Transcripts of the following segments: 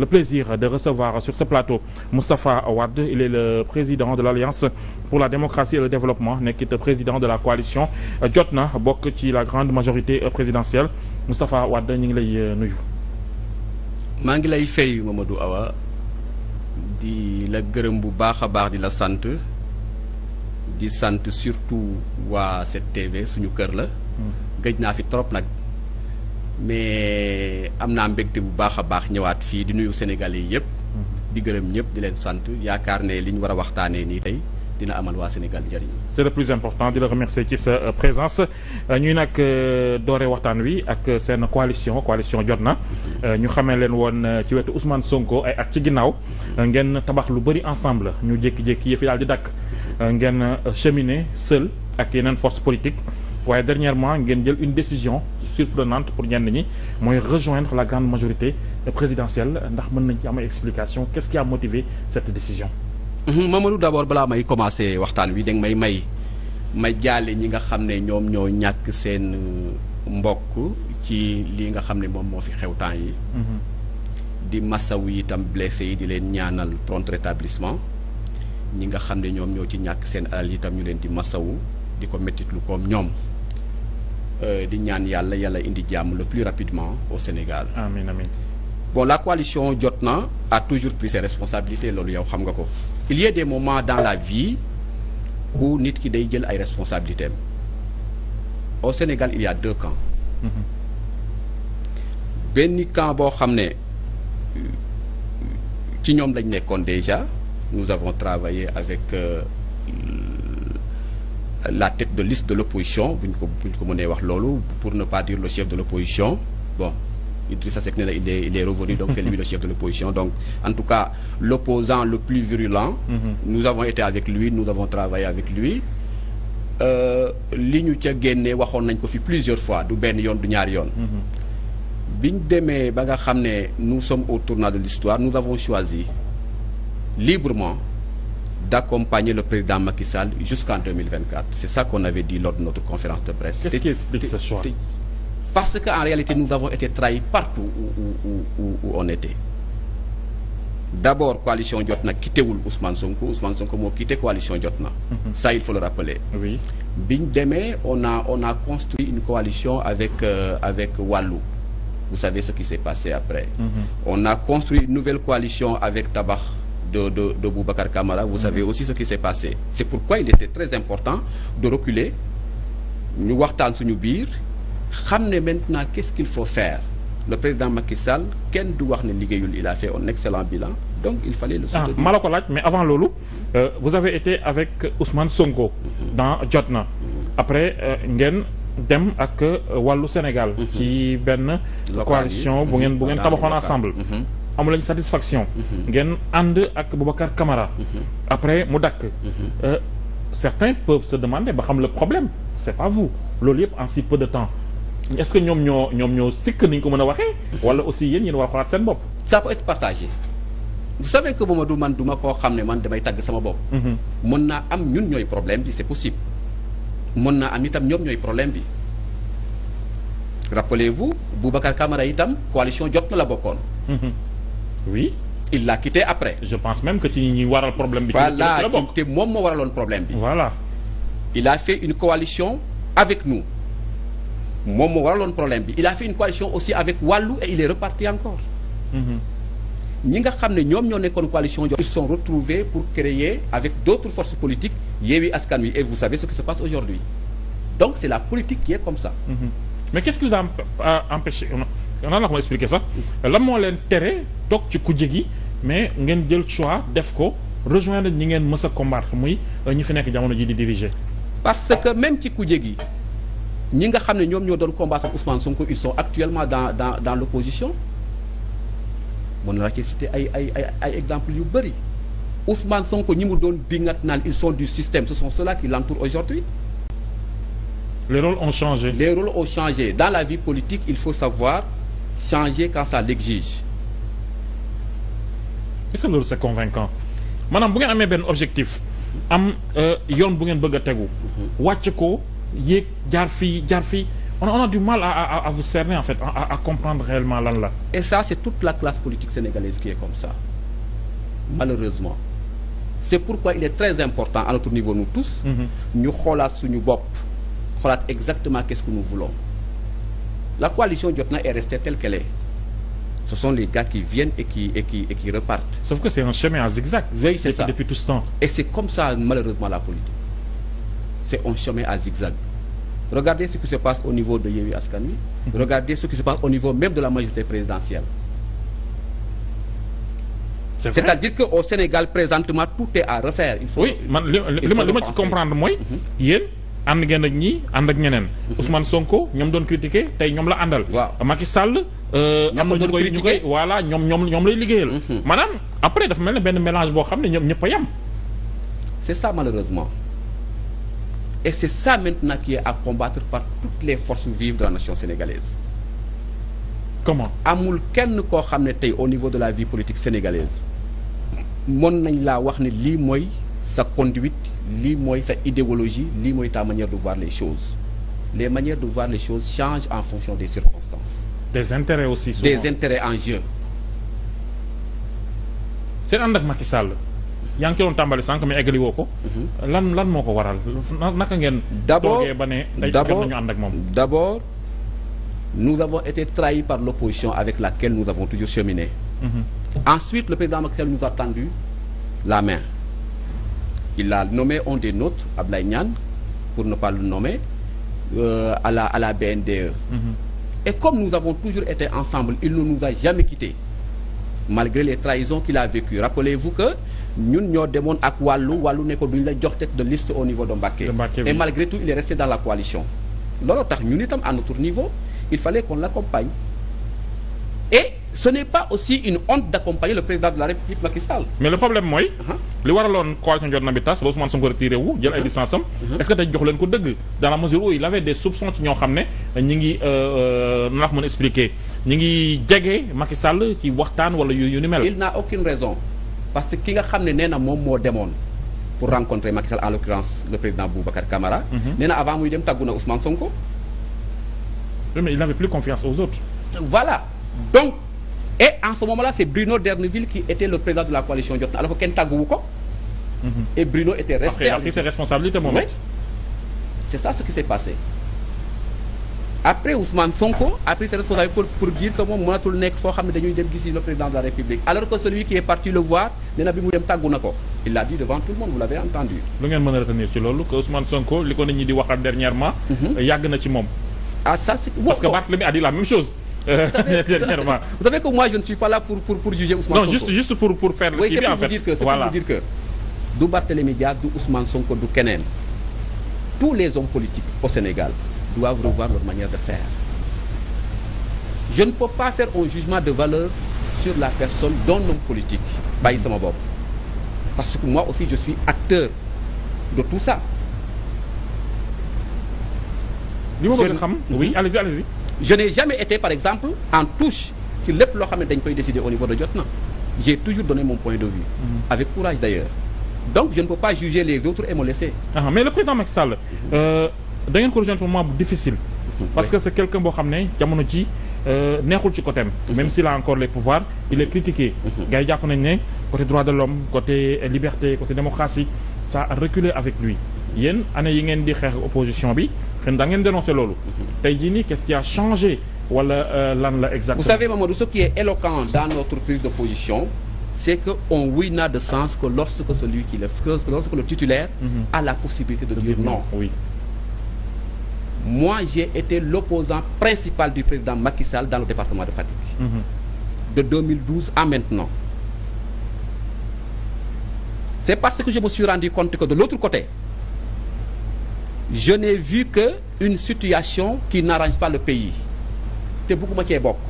le plaisir de recevoir sur ce plateau Moustapha Wade il est le président de l'Alliance pour la démocratie et le développement nekkit président de la coalition jot na bokk ci la grande majorité présidentielle Moustapha Wade ñu ngi lay euh, nuyu. maa ngi lay fay Mamadou Awa di la gërëm bu baax a baax di la sant di sant surtout waa 7TV suñu kër la. Hmm. gëj naa fi trop nag. mais am naa mbégte bu baax a baax ñëwaat fii di nuyu Sénégalais yëpp. Mhm. di gërëm ñëpp di leen sant yaakaar ne li ñu war a waxtaanee nii tey dina amal waa Sénégal njëriñ. c'est le plus important di la remercier ci sa euh, présence euh, ñuy nag euh, doore waxtaan wi ak seen coalition coalition jot na. Mhm. ñu xamee leen woon ci wetu Ousmane Sonko ay at ci ginnaaw. Mhm. ngeen tabax lu bëri ensemble ñu jékki-jékki yëf yi daal di dakk ngeen cheminer seul ak yeneen force politique waaye dernièrement ngeen jël une décision. surprenante pour ñenn ñi mooy rejoindre la grande majorité présidentielle ndax mën nañ ci am explication qu'est-ce qui a motivé cette décision mhm, Mamadou d'abord balaa may commencer waxtaan wi da nga may may ma jaale ñi nga xam ne ñoom ñoo ñàkk seen euh, mbokk ci li nga xam ne moom moo fi xew temps yi mhm. di massawu yi itam blessé yi di leen ñaanal prompt rétablissement ñi nga xam ne ñoom ñoo ci ñàkk seen alal yitam ñu leen di massawu di ko méttitlu koom ñoom Euh, di ñaan yàlla yàlla indi jàmm le plus rapidement au Sénégal. amiin amiin. bon la coalition Jotna a toujours pris ses responsabilités loolu yow xam nga ko. il y a des moments dans la vie où nit ki day jël ay responsabilités au Sénégal il y a deux camps. Mm-hmm. benn camp boo xam ne ci ñoom lañ nekkoon déjà nous avons travaillé avec. Euh, la tête de liste de l'opposition bu ñu ko bu ñu ko mënee wax loolu pour ne pas dire le chef de l'opposition bon Idrissa Seck ne il est revenu donc c'est lui le chef de l'opposition donc en tout cas l'opposant le plus virulent mhm. nous avons été avec lui nous avons travaillé avec lui euh, li ñu ca génnee waxoon nañ ko fi plusieurs fois du benn yoon du ñaar yoon mhm. bi ñu demee ba nga xam ne nous sommes au tournant de l'histoire nous avons choisi librement d'accompagner le président Macky Sall jusqu'en 2024. C'est ça qu'on avait dit lors de notre conférence de presse. Qu'est-ce qui explique ce choix Parce qu'en réalité, nous avons été trahis partout où, où, où, où on était. D'abord, coalition Diotna quitté Ousmane Sonko. Ousmane Sonko m'a quitté coalition Diotna. Mm -hmm. il faut le rappeler. Oui. Bin on a, construit une coalition avec, euh, avec Wallou. Vous savez ce qui s'est passé après. Mhm. On a construit une nouvelle coalition avec Tabar. de de de Boubacar Camara vous savez aussi ce qui s'est passé c'est pourquoi il était très important de reculer ñu waxtaan suñu biir xam ne maintenant qu'est-ce qu'il faut faire le président Macky Sall kenn du wax ne liggéeyul il a fait un excellent bilan donc il fallait le ah, soutenir ah ko laaj mais avant loolu euh, vous avez été avec Ousmane Sonko mm -hmm. dans Jotna mm après euh, ngen dem ak euh, wàllu Sénégal mhm. ci mm -hmm. benn coalition bu ngen bu mhm. ngeen tabaxoon ensemble mhm. amu lañ satisfaction. Mhm. ngeen ànd ak Boubacar Camara. Mhm. après mu dakk mhm. euh, certains peuvent se demander ba xam la problème c'est pas vous loolu yëpp en si peu de temps est-ce que ñoom ñoo ñoom ñoo sikk ni ñu ko mën a waxee. wala aussi yéen yéen war a xoolaat seen bopp. ça peut être partagé. vous savez que Mamadou man duma koo xam ne man damay tàgg sama bopp. mën naa am ñun ñooy problème bi c'est possible. mën naa am itam ñoom ñooy problème bi. rappelez-vous Boubacar Camara itam coalition oui il l'a quitté après. je pense même que ci ñi waral problème bi. voilà te moom moo waraloon problème bi. il a fait une coalition avec nous moom moo waraloon problème bi. il a fait une coalition aussi avec Wallu et il est reparti encore. Mhm. ñi nga xam ne ñoom ñoo nekkoon coalition ils sont retrouvés pour créer avec d'autres forces politiques Yewwi Askan Wi et vous savez ce qui se passe aujourd'hui donc c'est la politique qui est comme mhm. a euh, yow nan la ko ma sax lan moo leen tere toog ci kujje gi mais ngeen jël choix def ko rejoindre ñi ngeen mës a combattre muy euh, ñi fi nekk jamono ji di diriger. parce que même ci kujje gi ñi nga xam ne ñoom ñoo doon combattre Ousmane Sonko ils sont actuellement dans dans dans l'opposition mën na la ci citer ay ay ay ay exemples yu bëri Ousmane Sonko ñi mu doon dingat naan ils sont du système ce sont ceux-là qui l'entourent aujourd'hui les rôles ont changé. les rôles ont changé dans la vie politique il faut savoir changer quand ça l'exige. est-ce que loolu c'est convaincant maanaam bu ngeen amee benn objectif am euh, yoon bu ngeen bëgg a tegu. wàcc ko yéeg jaar fii jaar fi on a du mal à à à vous cerner en fait à à comprendre réellement lan la. et ça c'est toute la classe politique sénégalaise qui est comme ça malheureusement c'est pourquoi il est très important à notre niveau nous tous. Mm-hmm. ñu xoolaat suñu bopp xolaat exactement qu'est-ce que nous voulons. la coalition jot na est restée telle qu'elle est ce sont les gars qui viennent et qui et qui et qui repartent. sauf que c'est un chemin en zigzag. oui c'est ça depuis tout ce temps. malheureusement la politique c'est un chemin à zigzag. regardez ce qui se passe au niveau de Yewwi Askan Wi. Mhm. regardez ce qui se passe au niveau même de la majorité présidentielle. c'est vrai c'est-à-dire que au Sénégal présentement tout est à refaire. il faut oui man li ma li comprendre mooy. Mhm. ànd ngeen ak ñii ànd ak ñeneen. Mhm. Ousmane Sonko ñoom doon critiquer tey ñoom la àndal. waaw Macky Sall. Euh, am na ñu koy ñu koy voilà ñoom ñoom ñoom lay liggéeyal. Mhm. maanaam après dafa mel ne benn mélange boo xam ne ñoom ñëpp a yem. c'est ça malheureusement et c'est ça maintenant qui est à combattre par toutes les forces vives de la nation sénégalaise. comment amul kenn koo xam ne tey au niveau de la vie politique sénégalaise mën nañ laa wax ne lii mooy sa conduite. lii mooy sa idéologie lii mooy ta manière de voir les choses les manières de voir les choses changent en fonction des circonstances. des intérêts aussi souvent. des intérêts en jeu. seen ànd ak Macky Sall yaa tàmbali sànq mais eggali woo ko. Mhm. lan lan moo ko waral naka ngeen. d'abord toogee ba ne ay nañu ak moom. d'abord nous avons été trahis par l'opposition avec laquelle nous avons toujours cheminé. Mm -hmm. ensuite le président Macky nous a tendu la main. il a nommé un des nôtres Ablaye Niane pour ne pas le nommer euh, à la à la BNDE. Mm -hmm. et comme nous avons toujours été ensemble il ne nous a jamais quittés malgré les trahisons qu'il a vécues rappelez-vous que ñun ñoo demoon ak wàllu wàllu ne ko duñ la jox tête de liste au niveau de Mbacké. et oui. malgré tout il est resté dans la coalition. loolu tax ñun itam à notre niveau il fallait qu'on l'accompagne et. ce n'est pas aussi une honte d'accompagner le président de la République Macky mais le problème mooy. Uh-huh. li waraloon coalition jot na ba Ousmane Sonko retiré wu jël ay uh-huh. licence am. Uh-huh. est-ce que tey jox leen ko dëgg. dans la mesure où il avait des soupçons ci ñoo xam ne ñi ngi euh, euh, na la ko mën ñi ngi jege Macky ci waxtaan wala yu ni mel. il n'a aucune raison parce que ki nga xam ne nee na moom moo demoon pour rencontrer Macky Sall en l'occurrence et en ce moment là c' Bruno Derneville qui était le président de la coalition Jotna alors que kenn tàgguwu ko. Mhm. et Bruno était resté. après s' est passé. après Ousmane Sonko a pris ses responsabilités pour pour dire que moom nekk foo xam ne dañuy dem gisi le président de la République alors que celui qui est parti le voir nee na bi dem tàggu na ko il l'a dit devant tout le monde vous l'avez entendu. lu ngeen mën retenir ci loolu que Ousmane Sonko li ko mhm. moom. ah ça Euh, dernièrement vous savez que moi pour pour pour juger Ousmane non, Sonko non juste pour pour faire le en fait dire que voilà pour que du Barthélémy Dias du Ousmane Sonko du keneen tous les hommes politiques au Sénégal doivent revoir leur manière de faire je ne peux pas faire un jugement de valeur sur la personne d'un homme politique bàyyi sama bopp parce que moi aussi je suis acteur de tout ça li ma bëgg a xam oui mhm. allez-y allez-y je n'ai jamais été par exemple en touche ci lépp loo xam ne dañ koy décider au niveau de Jotna j'ai toujours donné mon point de vue mm. avec courage d'ailleurs donc je ne peux pas juger les autres et me ah, mais le président Macky Sall mm-hmm. euh, da ngeen ko difficile mm-hmm. parce que c'est quelqu'un boo xam ne jamono ci euh, neexul ci côté mm-hmm. même s'il a encore les pouvoirs il est critiqué gars jàpp nañ ne côté droit de l'homme côté liberté côté démocratie ça a reculé avec lui yéen année yi ngeen di xeex opposition bi xëy na da loolu. tey jii qu'est-ce qui a changé euh, la exactement. vous savez Mamadou ce qui est éloquent dans notre prise de c'est que on oui n'a de sens que lorsque celui qui le lorsque le titulaire. Mm -hmm. a la possibilité de dire, non. moi j'ai été l'opposant principal du président Macky dans le département de Fatick. Mhm. de 2012 maintenant. c'est parce que je me suis rendu compte que de l'autre côté. je n'ai vu que une situation qui n'arrange pas le pays te bëgguma cee bokk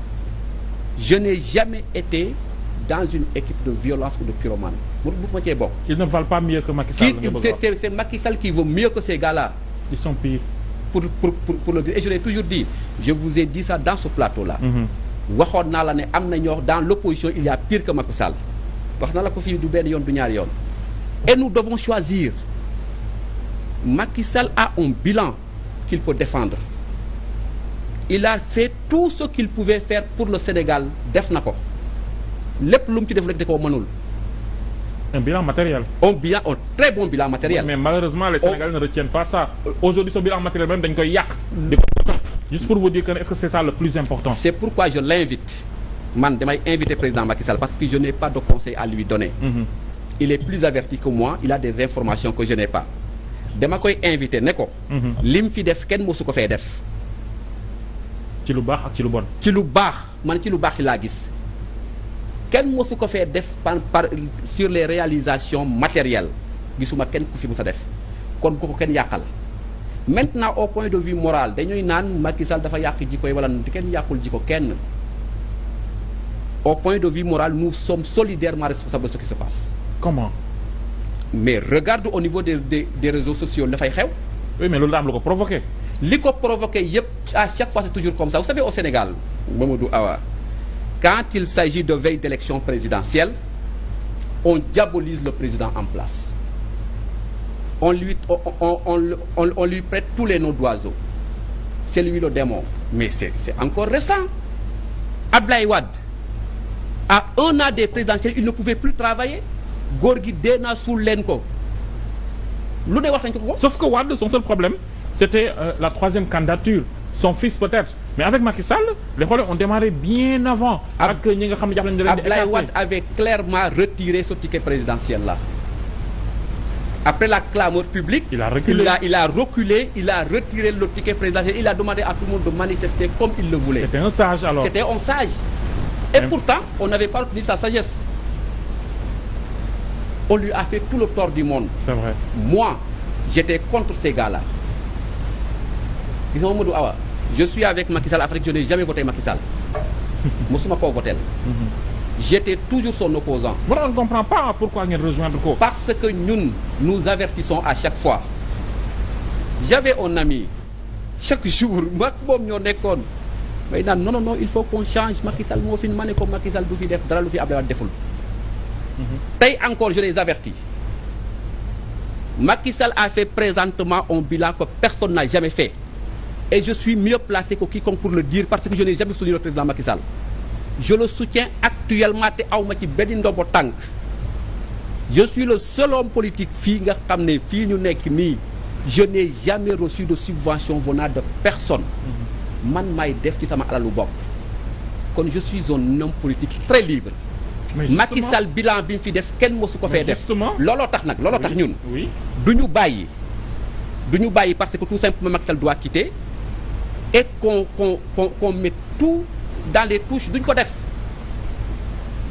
je n'ai jamais été dans une équipe de violence ou de pyromane mu bëgguma cee bokk. ils ne valent pas mieux que Macky Sall. c'est c'est Macky Sall qui vaut mieux que ces gars pour pour pour pour le dire et je l'ai toujours dit je vous ai dit ça dans ce plateau-là. Mhm. waxoon naa la ne am na ñoo dans l'opposition il y a pire que Macky Sall wax na la ko du ben yoon du ñaari yoon. et nous devons choisir. Macky Sall a un bilan qu'il peut défendre il a fait tout ce qu'il pouvait faire pour le Sénégal def na ko lépp lu mu ci def rek da un bilan matériel. un bilan un très bon bilan matériel. mais malheureusement les oh. Sénégalais ne retiennent pas ça. aujourd'hui ce bilan matériel même dañ que est-ce le plus important. c'est pourquoi je l'invite man damay inviter président Macky parce que je n'ai pas de conseil à lui donner. Mm-hmm. il est plus averti que moi dama koy invité ne ko. Mhm. li mu fi def kenn mosu ko fee def. ci lu baax ak ci lu bon. ci lu baax man ci lu baax laa gis kenn mosu ko fee def par par sur les réalisations matérielles gisuma kenn ku fi mu a def kon ku ko kenn yàqal. maintenant au point de vue moral dañuy naan Macky Sall dafa yàq ji koy wala kenn yàqul ko kenn au point de vue moral nous some solidairement responsables de ce qui se passe. mais regarde au niveau des des, des réseaux sociaux dafay xew. oui mais loolu daa lu ko li ko provoqué yëpp chaque fois c'est toujours comme ça vous savez au Sénégal Mamadou Awa quand il s'agit de veille d'élection présidentielle on diabolise le président en place on lui on on on, prête tous les noms d'oiseaux c'est lui le démon mais c'est c'est encore récent Abdoulaye Wade à un an des présidentielles il ne pouvait plus travailler góor gi dee naa suul leen ko lu ne wax nañ ko ko. sauf que Wade son seul problème c'était euh, la troisième candidature son fils peut-être mais avec Macky Sall les problèmes ont démarré bien avant. ak ñi nga xam ne jàpp nañu ne Ablaye Wade avait clairement retiré ce ticket présidentiel là. après la clameur publique. il a reculé il a il a reculé il a retiré le ticket présidentiel il a demandé à tout le monde de manifester comme il le voulait. c'était un sage alors c'était un sage. et pourtant on n'avait pas retenu sa sagesse. on lui a fait tout le tort du monde. c'est vrai moi j'étais contre ces gars-là. Awa ah je suis avec Macky Sall Afrique je n'ai jamais voté Macky Sall mosuma koo voté. Mhm. j'étais toujours son opposant. bon on ne comprend pas pourquoi ngeen rejoindre ko. parce que nous avertissons à chaque fois j'avais un ami chaque jour mag moom ñoo nekkoon may naan non non non il faut qu'on change Macky moo fi ma ne ko Macky du fi def dara lu fi Abdoulaye Wade deful. tey encore je les avertis Macky Sall a fait présentement un bilan que personne n'a jamais fait et je suis mieux placé que quiconque pour le dire parce que je n'ai jamais soutenu le président Macky Sall je le soutiens actuellement te awma ci benn ndombo tànk je suis le seul homme politique fii nga xam ne fii ñu nekk nii je n'ai jamais reçu de subvention venant de personne man maay def ci sama alalu bopp kon je suis un homme politique très libre Macky Sall bilan bi mu fi def kenn mosu ko fee def looloo tax nag looloo tax ñun du ñu bàyyi du ñu bàyyi parce que tout simplement Macky Sall doit quitter et qu'on qu'on qu'on qu'on tout dans les touches duñ ko def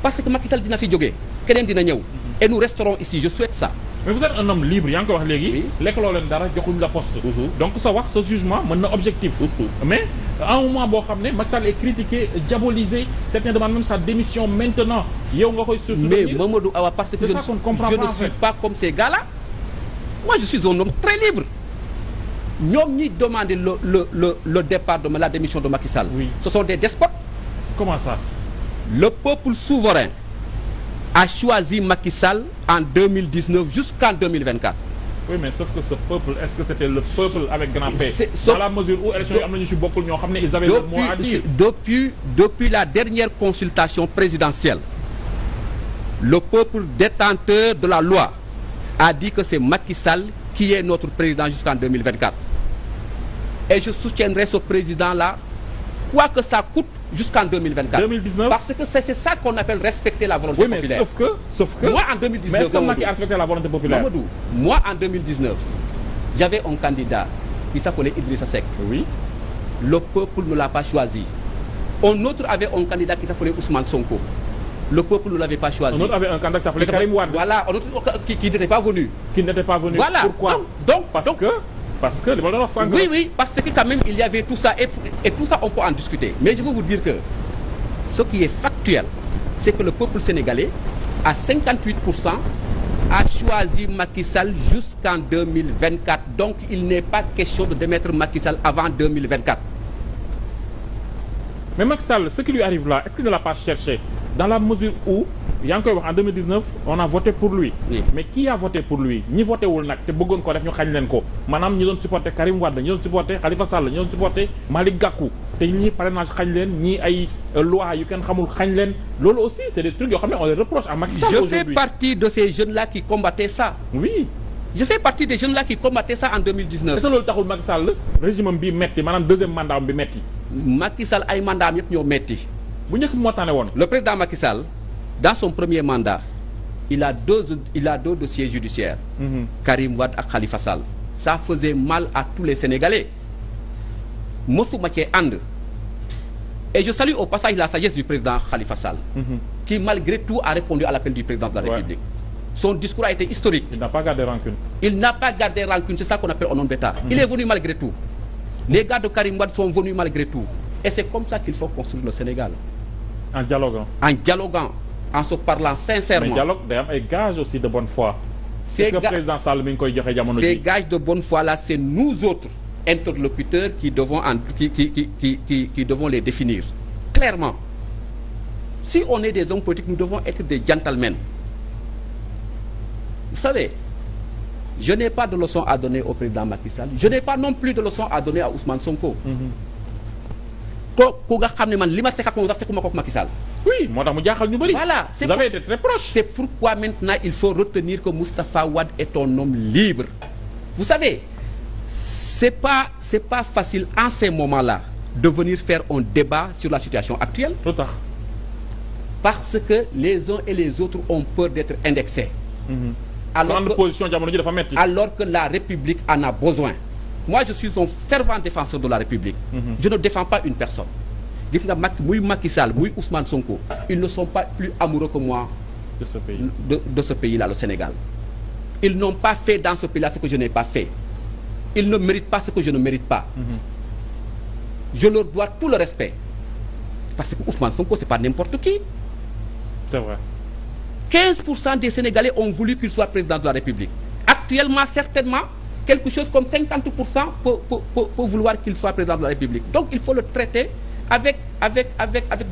parce que Macky Sall dina fi jóge keneen dina ñëw et nous resterons ici je mais vous êtes un homme libre yaa ngi koy wax léegi. lekkaloo leen dara joxuñ la poste. Mhm. donc sa wax sa jugement mën na objectif. Mhm. mais à un moment boo xam ne Macky Sall est critiqué diabolisé certains demandent sa démission maintenant yow nga koy. surtout mais Mamadou parce que je ne suis pas comme ces gars là. moi je suis un homme très libre. ñoom ñi demandé le le le le départ de la démission de Macky Sall. oui ce sont des despotes. comment ça. le peuple souverain. a choisi Macky Sall en 2019 jusqu'en 2024. oui mais sauf que ce peuple est-ce que c'était le peuple avec la mesure où élection yi am na ñu ci bokkul ñoo à dire. depuis depuis la dernière consultation présidentielle président jusqu'en 2024 et je soutiendrai ce jusqu'en 2024. 2019 parce que c'est ça qu'on appelle respecter la volonté populaire. moi en mais est-ce que Macky a la volonté populaire moi en j'avais un candidat qui s'appelait Idrissa Seck. Oui. Le peuple ne l'a pas choisi. Un autre avait un candidat qui s'appelait Ousmane Sonko. Le peuple ne l'avait pas choisi. Un autre avait un candidat qui s'appelait Karim Voilà, un autre qui, n'était pas venu. Qui n'était pas venu. Voilà. Donc, donc, parce que li wax sànq. parce que quand même il y avait tout ça et, et que ce qui est factuel c'est que le peuple sénégalais pour cent a choisi Macky Sall jusqu'en 2024 donc il n'est pas question de démettre Macky Sall avant 2024. mais Macky Sall ce qui lui arrive là est-ce l'a pas dans la mesure où yaa koy wax en 2019 on a voté pour lui mais qui a voté pour lui ñi voté nag te bëggoon ko def ñu xañ leen ko maanaam ñi doon supporté Karim Wade ñi doon supporté Khalifa Sall ñi doon supporté Malick Gakou te ñii parrainage xañ leen ñii ay euh, loi yu kenn xamul xañ leen loolu aussi c'est des trucs yoo xam ne on les reproche à Macky Sall aujourd'hui je fais partie de ces jeunes là qui combattaient ça oui je fais partie des jeunes là qui combattaient ça am bi metti maanaam ay mandat am yëpp ñoo metti bu njëkk moo le président Macky dans son premier mandat il a deux il a deux dossiers judiciaires. Mhm. Karim Wade ak Khalifa ça faisait mal à tous les Sénégalais mosuma cee ànd. et je salue au passage la sagesse du président Khalifa Sall. Mhm. qui malgré tout a répondu à l'appel du président de la ouais. République. son discours a été historique. il n'a pas gardé rancune. c'est ça qu'on appelle homme d'État. Mhm. il est venu malgré tout. les gars de Karim Wade sont venus malgré tout. et c'est comme ça qu'il faut en dialoguant en dialoguant en se parlant sincèrement mais dialogue day am ay gages de bonne foi. ces gages président koy joxe jamono ces gages de bonne foi là c'est nous autres interlocuteurs qui devons en qui qui qui qui qui qui devons les définir clairement si on est des hommes politiques nous devons être des gentlemen vous savez je n'ai pas de leçon à donner au président Macky je n'ai pas non plus de leçon à donner à Ousmane Sonko. Mm-hmm. ko nga xam ne man li ma sekk ak moom sax sekkuma kook Macky oui moo tax mu jaaxal ñu bëri. voilà c' est vous avez été très proche. c' est pourquoi maintenant il faut retenir que Moustapha Wade est un homme libre. vous savez c' pas est pas facile en ces moments là de venir faire un débat sur la situation actuelle. tout à fait. parce que les uns et les autres ont peur d'être indexés. Mm -hmm. alors jamono ji dafa metti. alors que la République en a besoin. moi je suis un fervent défenseur de la République. Mm-hmm. je ne défends pas une personne. gis nga Macky muy Macky Sall muy Ousmane Sonko ils ne sont pas plus amoureux que moi. de ce pays là le Sénégal. ils n'ont pas fait dans ce pays là ce que je n'ai pas fait. ils ne méritent pas mm-hmm. je leur dois tout le respect. parce que Ousmane Sonko c'est pas n'importe qui. pour cent des Sénégalais ont voulu qu'il soit président de la République. actuellement certainement. quelque chose comme 50 pour cent peut peut peut vouloir qu'il soit président de la République donc il faut le traiter avec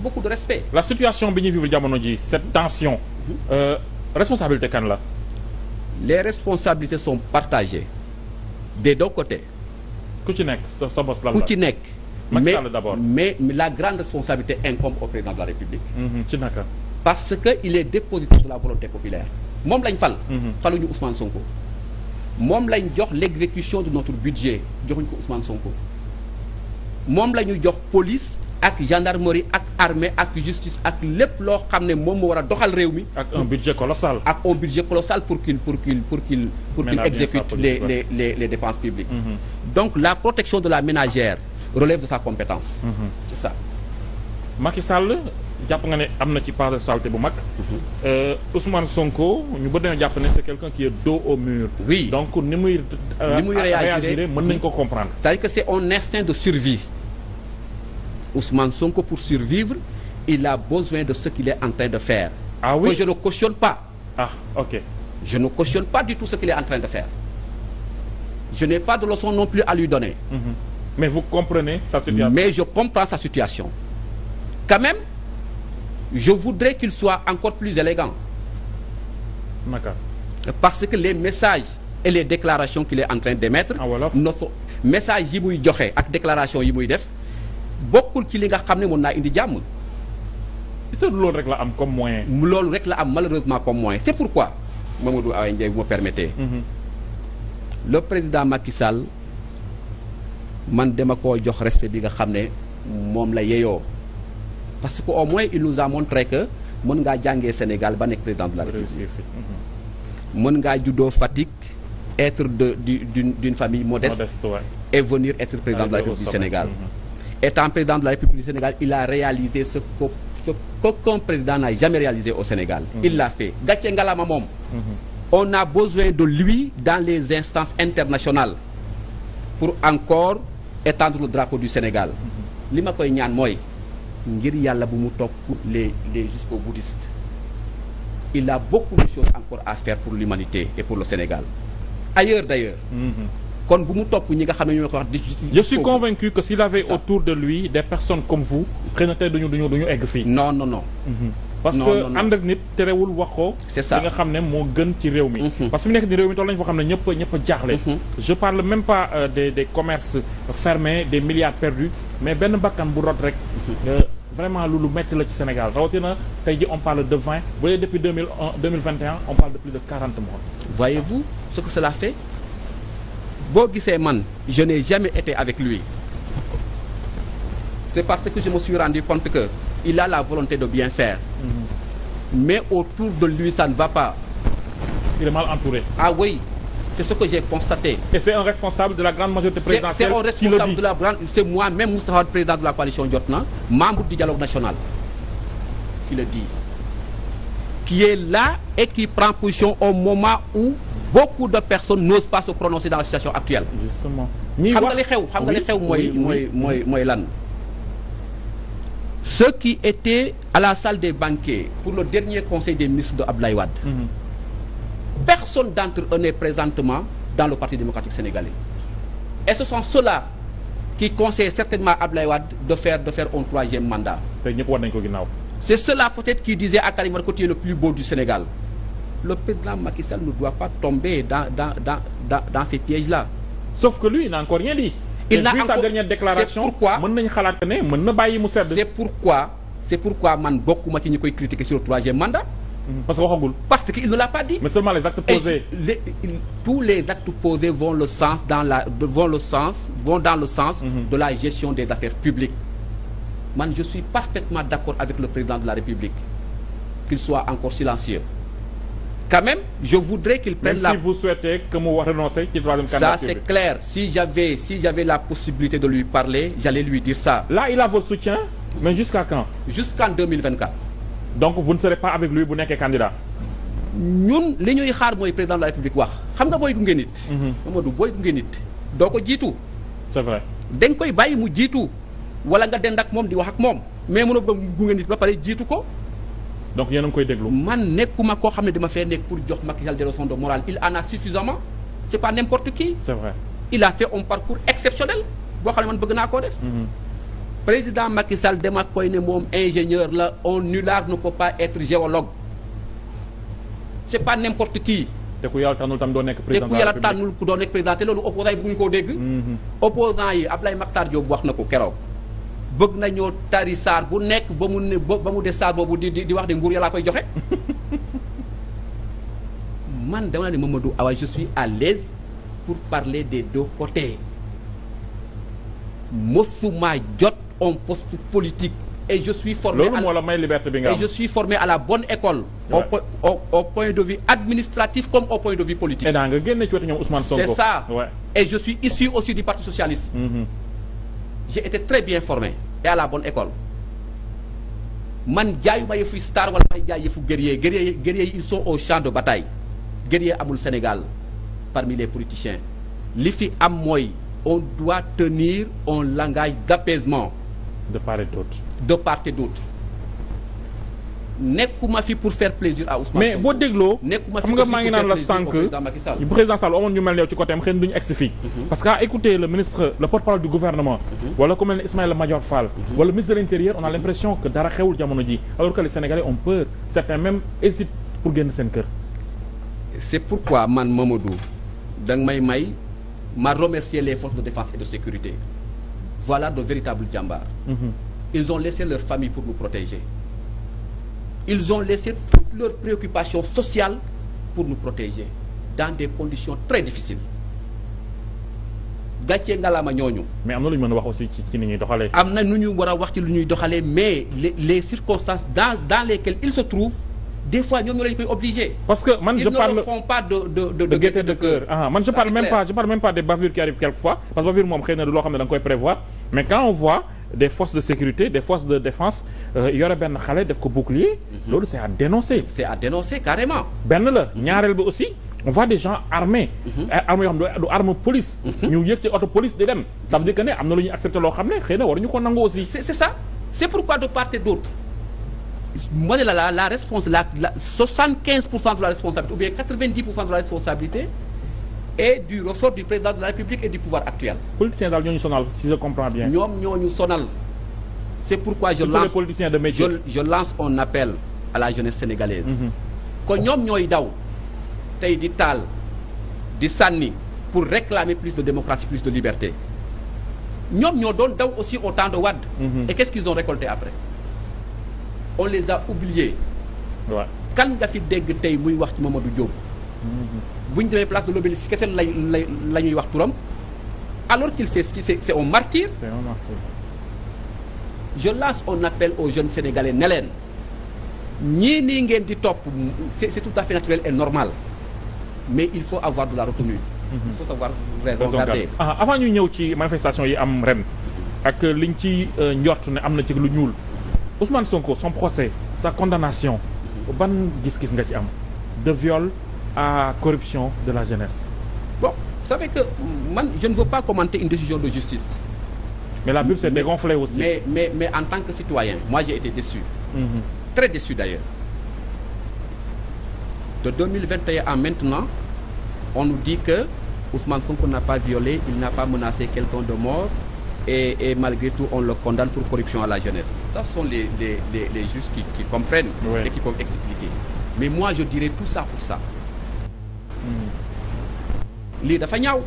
beaucoup de respect. la situation bi ñuy vivre jamono ji cette tension mhm. euh, responsabilité kan la. les responsabilités sont partagées des deux côtés. ku ci nekk sa sa bopp ku ci nekk. Macky Sall d'abord mais mais la grande responsabilité incombe au président de la République. Mhm, ci parce que il est dépositaire de la volonté populaire moom lañ fal. Mhm. faluñu Ousmane Sonko. moom lañ jox l'exécution de notre budget joxuñ ko Ousmane Sonko moom la ñu jox police ak gendarmerie ak armée ak justice ak lépp loo xam ne moom moo war a doxal réew mi. ak un budget colossal. ak un budget colossal pour qu'il pour qu'il pour qu'il pour qu'il exécute les les les les dépenses publiques. mm donc la protection de la ménagère relève de sa compétence. mm jàpp nga ne am na ci part de saleté bu mag. Euh, Ousmane Sonko ñu ba dañoo jàpp ne c'est quelqu'un qui est dos au mur. oui donc ni muy. Euh, ni muy réagir mën nañ ko comprendre. c'est-à-dire que c'est un instinct de survie Ousmane Sonko pour survivre il a besoin de ce qu'il est en train de faire. ah oui que je ne cautionne pas. ah ok. je ne cautionne pas du tout ce qu'il est en train de faire je n'ai pas de leçon non plus à lui donner. Mm-hmm. mais vous comprenez sa situation. mais je sa situation quand même. je voudrais qu'il soit encore plus élégant. naka. parce que les messages et les déclaration qu'il est en train d'émettre. ah voilà notre message yi muy joxe ak déclaration yi muy def bokkul ci li nga xam ne mën naa indi jàmm. est loolu rek la am comme moyen. loolu rek la am malheureusement comme moyen c'est pourquoi Mamadou Awa Ndiaye bu ma permettez. Mhm. le président Macky Sall man dama koo jox respect bi nga xam ne moom la yeyoo. parce que au moins il nous a montré que mën nga jàngee Sénégal ba nekk président de la République mhm. mën ngaa juddoo Fatick être de d'une d'une famille modeste, modeste ouais. et venir être président de la République du Sénégal mmh. étant président de la République du Sénégal il a réalisé ce que ce président n'a jamais réalisé au Sénégal mmh. il l'a fait gàcce ngalama moom mhm. on a besoin de lui dans les instances internationales pour encore étendre le drapeau du Sénégal mhm. li ma koy ñaan mooy ngir yàlla bu mu topp les les jusqu'aux bouddhistes il a beaucoup de choses encore à faire pour l'humanité et pour le Sénégal ailleurs d'ailleurs mhm. kon bu mu topp ñi nga xam ne ñoo ko wax di je suis convaincu que s'il avait autour de lui des personnes comme vous xëy na tey duñu duñu duñu egg fii non non non mhm. parce que ànd ak nit terewul wax ko c'est ça nga xam ne moo gën ci réew mi mhm. parce que fi nekk ni réew mi toll nañu foo xam ne ñëpp ñëpp a jaaxle je parle même pas euh, des des commerces fermés des milliards perdus mais benn bakkan bu rot rek euh, vraiment lu lu métti la ci Sénégal rawatina tey ji on parle de 20 bu dee depuis 2001 2021 on parle de plus de 40 morts. voyez-vous ce que cela fait boo gisee man je n'ai jamais été avec lui c'est parce que je me suis rendu compte que il a la volonté de bien faire mm-hmm. mais autour de lui ça ne va il est mal entouré. ah oui. C'est ce que j'ai constaté. Et c'est un responsable de la grande majorité présidentielle C'est un responsable de la grande... C'est moi-même, Moustapha, président de la coalition Jotna, membre qui le dit. Qui est là et qui prend position au moment où beaucoup de personnes n'osent pas se prononcer dans la situation actuelle. Justement. xam nga li mooy mooy mooy mooy lan. Ceux qui étaient à la salle des banquets pour le dernier conseil des ministres de Abdoulaye Wade. Mhm. personne d'entre eux n'est présentement dans le Parti démocratique sénégalais. Et ce sont ceux-là qui conseillent certainement à Abdoulaye Wade de faire, de faire un troisième mandat. C'est cela peut-être qui disait à Karim Wade que tu es le plus beau du Sénégal. Le président Macky Sall ne doit pas tomber dans, dans, dans, dans, dans ces pièges-là. Sauf que lui, il n'a encore rien dit. Il n'a encore... C'est pourquoi, c'est pourquoi man bokkuma ci ñu koy critiquer sur le troisième mandat. Mhm. parce que waxagul. parce que il ne l'a pas dit. mais seulement les actes tous les actes posés vont le sens dans la vont le sens vont dans le sens. mm de la gestion des affaires publiques. man je suis parfaitement d'accord avec le président de la République qu'il soit encore silencieux. quand même je voudrais qu'il prenne même la. si vous souhaitez que mu possibilité de lui parler j'allais lui dire ça. là il a votre soutien mais jusqu'à quand. jusqu'en donc vous ne serez pas avec lui bu nekkee candidat. ñun li ñuy xaar mooy président de la république wax xam nga booy gunge nit. Mhm. Amadou booy gunge nit doo ko jiitu. c'est dañ koy bàyyi mu jiitu wala nga dend ak moom di wax ak moom mais mënoo bëgg gunge nit ba pare jiitu ko. donc yéen a ngi koy déglu. man nekkuma koo xam ne dama fee nekk pour jox Macky Sall des leçons de morale il en a suffisamment c'est pas n'importe qui. il a fait un parcours exceptionnel boo bëgg naa koo def. Mhm. président Macky Sall dama koy ne moom ingénieur la un nulard ne peut pas être géologue c'est pas n'importe te ku yàlla tànnul tam doo nekk président te ku yàlla tànnul ku doo nekk président te loolu opposant yi bëgguñu koo dégg. Mhm. opposant yi Ablaye Makhtar Diop wax na ko keroog. bëgg nañoo tari saar bu nekk ba mu ne ba mu des saar boobu di di wax de nguur yàlla koy joxe. man dama ne Mamadou Awa je suis à l'aise pour parler des deux mosuma un poste politique et je suis formé la may liberté à la bonne école. au po au point de vue administratif comme au point de vue politique. et naa nga génne ci wetu ñoom Ousmane Sonko. c'est ça et je suis issu aussi du parti socialiste. Mm-hmm. j'ai été très bien formé et à la bonne école. man jaayuma yëfu star wala may jaay yëfu guerrier guerrier guerrier ils sont au champ de bataille guerrier amul Sénégal parmi les politiciens li fi am mooy on doit tenir un langage d'apaisement de part et d'autre. de part et d'autre nekkuma fi pour faire plaisir à Ousmane mais boo dégloo. nekkuma fi xam nga maa ngi naan la sànq président Sall amoon ñu mel ne yow ci côté am xëy na du ñu egsi mhm. parce que à ah, écouter le ministre le porte-parole du gouvernement. Mhm. wala ku mel ne Ismaïla Madior Fall. Mhm. wala ministre de l'intérieur on a l'impression que dara xewul jamono ji alors que les Sénégalais ont peur certains même hésitent pour génn seen kër. c'est pourquoi man Mamadou danga may may ma les forces de défense de sécurité. voilà de véritables jàmbaar. Mhm. ils ont laissé leur famille pour nous protéger. ils ont laissé toutes leurs préoccupations sociales pour nous protéger dans des conditions très difficiles gàccee ngalaama ñooñu. mais am na lu ñu mën a wax aussi ci ni ñuy doxalee. am na nu ñu war wax ci lu ñuy doxalee mais les les circonstances dans dans lesquelles ils se trouvent. des fois ñoom ñoo leen koy obligé. parce que ils ne font pas de de de de cœur. ah man je parle même moom xëy na du loo ne da nga koy mais quand on voit des forces de sécurité des forces de défense euh, yore benn xale def ko bouclier. Mhm. loolu c'est à dénoncer. c'est à dénoncer carrément. benn la mhm. ñaareel bi aussi on voit des gens armés. ay mhm. euh, armes yoo xam ne du police. ñu yëg ci veut dire que ne am na lu ñuy accepté loo xam ne xëy na waruñu ko nangu aussi. c'est c'est ça c'est pourquoi de part d'autre moo la la la réponse la la 75 pour cent de la responsabilité ou bien est du ressort du président de la République et du pouvoir actuel. politiciens daal ñoo ñu sonal si je comprends bien. ñoom ñoo ñu sonal. c'est pourquoi je lance je lance un appel à la jeunesse sénégalaise. ko mhm. ñoom ñooy daw tey di taal di sànni pour réclamer plus de démocratie plus de liberté ñoom ñoo doon daw aussi au temps de Wade. Mhm. et qu'est-ce qu'ils ont récolté après. on les a oubliés. waaw kan nga fi dégg tey muy wax ci Mamadou Diop. Mhm. bu ñu demee place de l'Obélisque kese lay lay la ñuy wax turam alors qu'il c'est c'est un martyr c'est un martyr je lance un appel aux jeunes sénégalais ne leen ñii nii ngeen di topp c'est c'est tout à fait naturel et normal mais il faut avoir de la retenue mhm. il faut ah, avant ñu ñëw ci manifestation yi am ren ak liñ ci euh, njort ne am na ci lu ñuul Ousmane Sonko son procès sa condamnation ban gis-gis nga ci am à corruption de la jeunesse. bon vous savez que man je ne veux pas commenter une décision de justice. mais la pub s'est dégonflée aussi. mais mais en tant que citoyen moi j'ai été déçu. Mmh. très déçu d'ailleurs. de 2021 maintenant on nous dit que Ousmane Sonko n'a pas violé il n'a pas menacé quelqu'un de mort et et malgré tout on le condamne pour corruption à la jeunesse ça sont les les les les juges qui qui comprennent. Oui. et qui peuvent expliquer mais je dirais tout ça pour ça. lii dafa ñaaw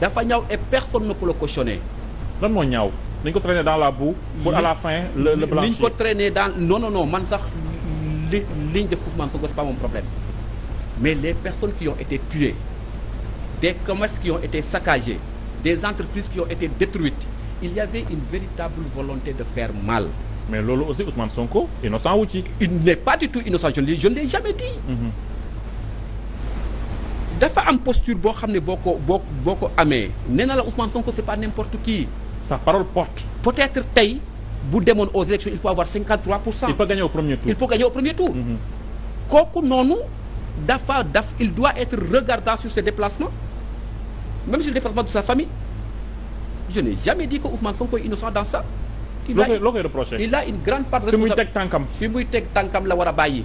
dafa ñaaw et personne ne peut le cautionner. lan moo ñaaw dañ ko traîner dans la boue. pour à la fin le le blanchir. liñ ko traîner dans non non non man sax li liñ def Ousmane Sonko c'est pas mon problème mais les personnes qui ont été tuées des commerces qui ont été saccagés des entreprises qui ont été détruites il y avait une véritable volonté de faire mal. mais loolu aussi Ousmane Sonko innocent wu ci. il n'est pas du tout innocent dafa am posture boo xam ne boo ko boo boo ko amee nee na la Ousmane Sonko c'est pas n'importe qui sa parole porte peut-être tey bu demoon aux élections il peut avoir pour cent il peut gagner au premier tour il peut gagner au premier tour mm-hmm. kooku noonu dafa daf il doit être regardant sur ses déplacements même déplacement de sa famille je n'ai jamais dit ko Ousmane Sonko est innocent dans ça il a loo koy reproché il a une grande part de fi muy teg tànkam la war a bàyyi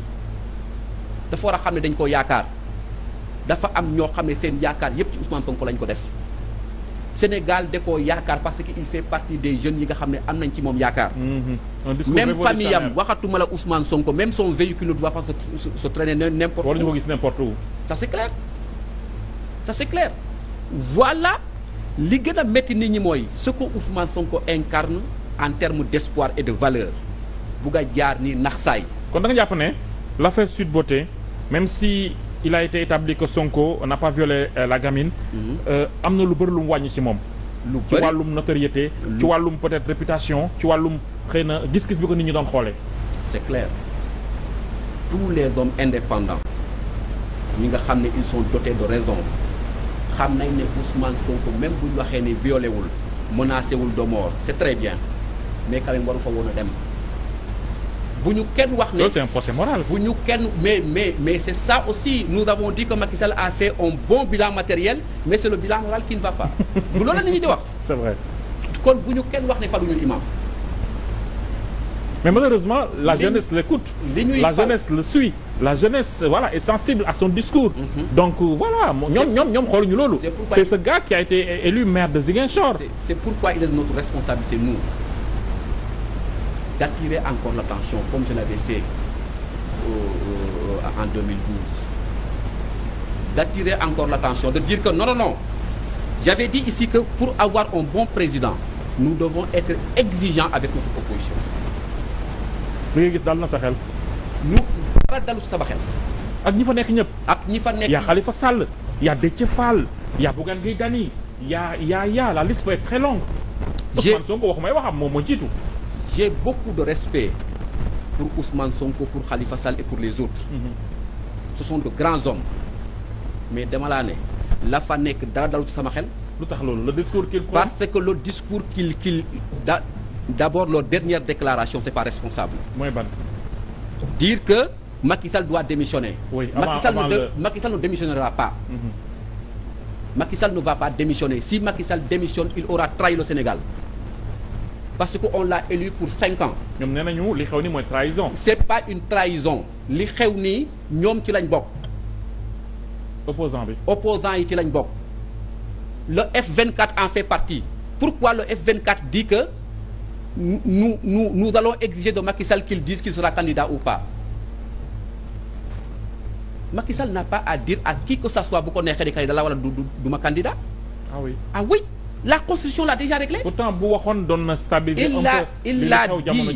dafa war a xam ne dañ koo yaakaar dafa am ñoo xam ne seen yaakaar yépp ci Ousmane Sonko lañ ko def Sénégal da koo yaakaar parce que il fait partie des jeunes yi nga xam ne am nañ ci moom yaakaar. Mm-hmm. même famille am waxatuma la Ousmane Sonko même son véhicule ne doit pas se se traîner n'importe où. waruñu ko gis n'importe où. ça c'est clair ça voilà li gën a métti nit ñi mooy ce que Ousmane Sonko incarne en termes d'espoir et de valeur bugg jaar ni nax saay. kon da jàpp ne la Sweet Beauté même si. il a été établi que Sonko n'a pas lagamin euh, la mhm. euh, am na lu bëri lu mu wàññi ci moom. lu ci wàllum notoriété. ci wàllum peut-être réputation ci wàllum xëy na gis-gis bi ko nit ñi doon xoolee. c'est clair tous les hommes indépendants ñi nga xam ne il sont dotés de raison xam nañ ne Ousmane Sonko même buñ waxee ne violé wul menacé wul de mort c'est très bien mais quand même waru fa woon dem. bu ñu kenn wax ne c'est un procès moral bu ñu kenn mais mais mais c'est ça aussi nous avons dit que Macky Sall a fait un bon bilan matériel mais c'est le bilan moral qui ne va pas du loolu la nit ñi di wax c'est vrai kon bu ñu kenn wax ne faluñu imam mais malheureusement la jeunesse l'écoute la jeunesse le suit la jeunesse voilà est sensible à son discours mm -hmm. donc euh, voilà ñoom ñoom ñoom xooluñu loolu c'est ce gars qui a été élu maire de Ziguinchor c'est pourquoi il est de notre responsabilité d'attirer encore l'attention comme je l'avais fait euh, de dire que non non non j'avais dit ici que pour avoir un bon président nous devons être exigeants avec notre opposition li nga gis dal na sa xel ñu dara dalu sa xel ak ñi fa nekk ñëpp ak ñi fa nekk yaa Khalifa Sall ya Déthié Fall yaa Bougane Gueye Dany yaa yaa yaa la liste peut être très longue Ousmane Sonko waxu may waxam moom moo jiitu j'ai beaucoup de respect pour Ousmane Sonko pour Khalifa Sall et pour les autres mhm. ce sont de grands hommes mais dama laa ne la fa nekk dara dalu ci sama xel lu tax loolu le discours qu'il parce que le discours qu'il qu'il da d'abord leur dernière déclaration c'est pas responsable mooy dire que Macky Sall doit démissionner oui, Macky Sall ne, le... Macky démissionnera pas mm -hmm. va pas démissionner si Macky démissionne il aura trahi le Sénégal parce que on l'a élu pour cinq ans. ñoom nee nañu li xew ni mooy trahison. c'est pas une trahison li xew nii ñoom ci lañ bokk. opposant bi. opposant yi ci lañ bokk. le F24 en fait partie pourquoi le F24 di que nous nous nous allons exiger de Macky Sall qu'il dise qu'il sera candidat ou pas Macky n'a pas à dire à qui que ça soit bu ko neexee candidat la wala du du ma candidat. ah oui ah la constitution l'a déjà réglé. pourtant bu waxoon doon na stabiliser. il l'a il l'a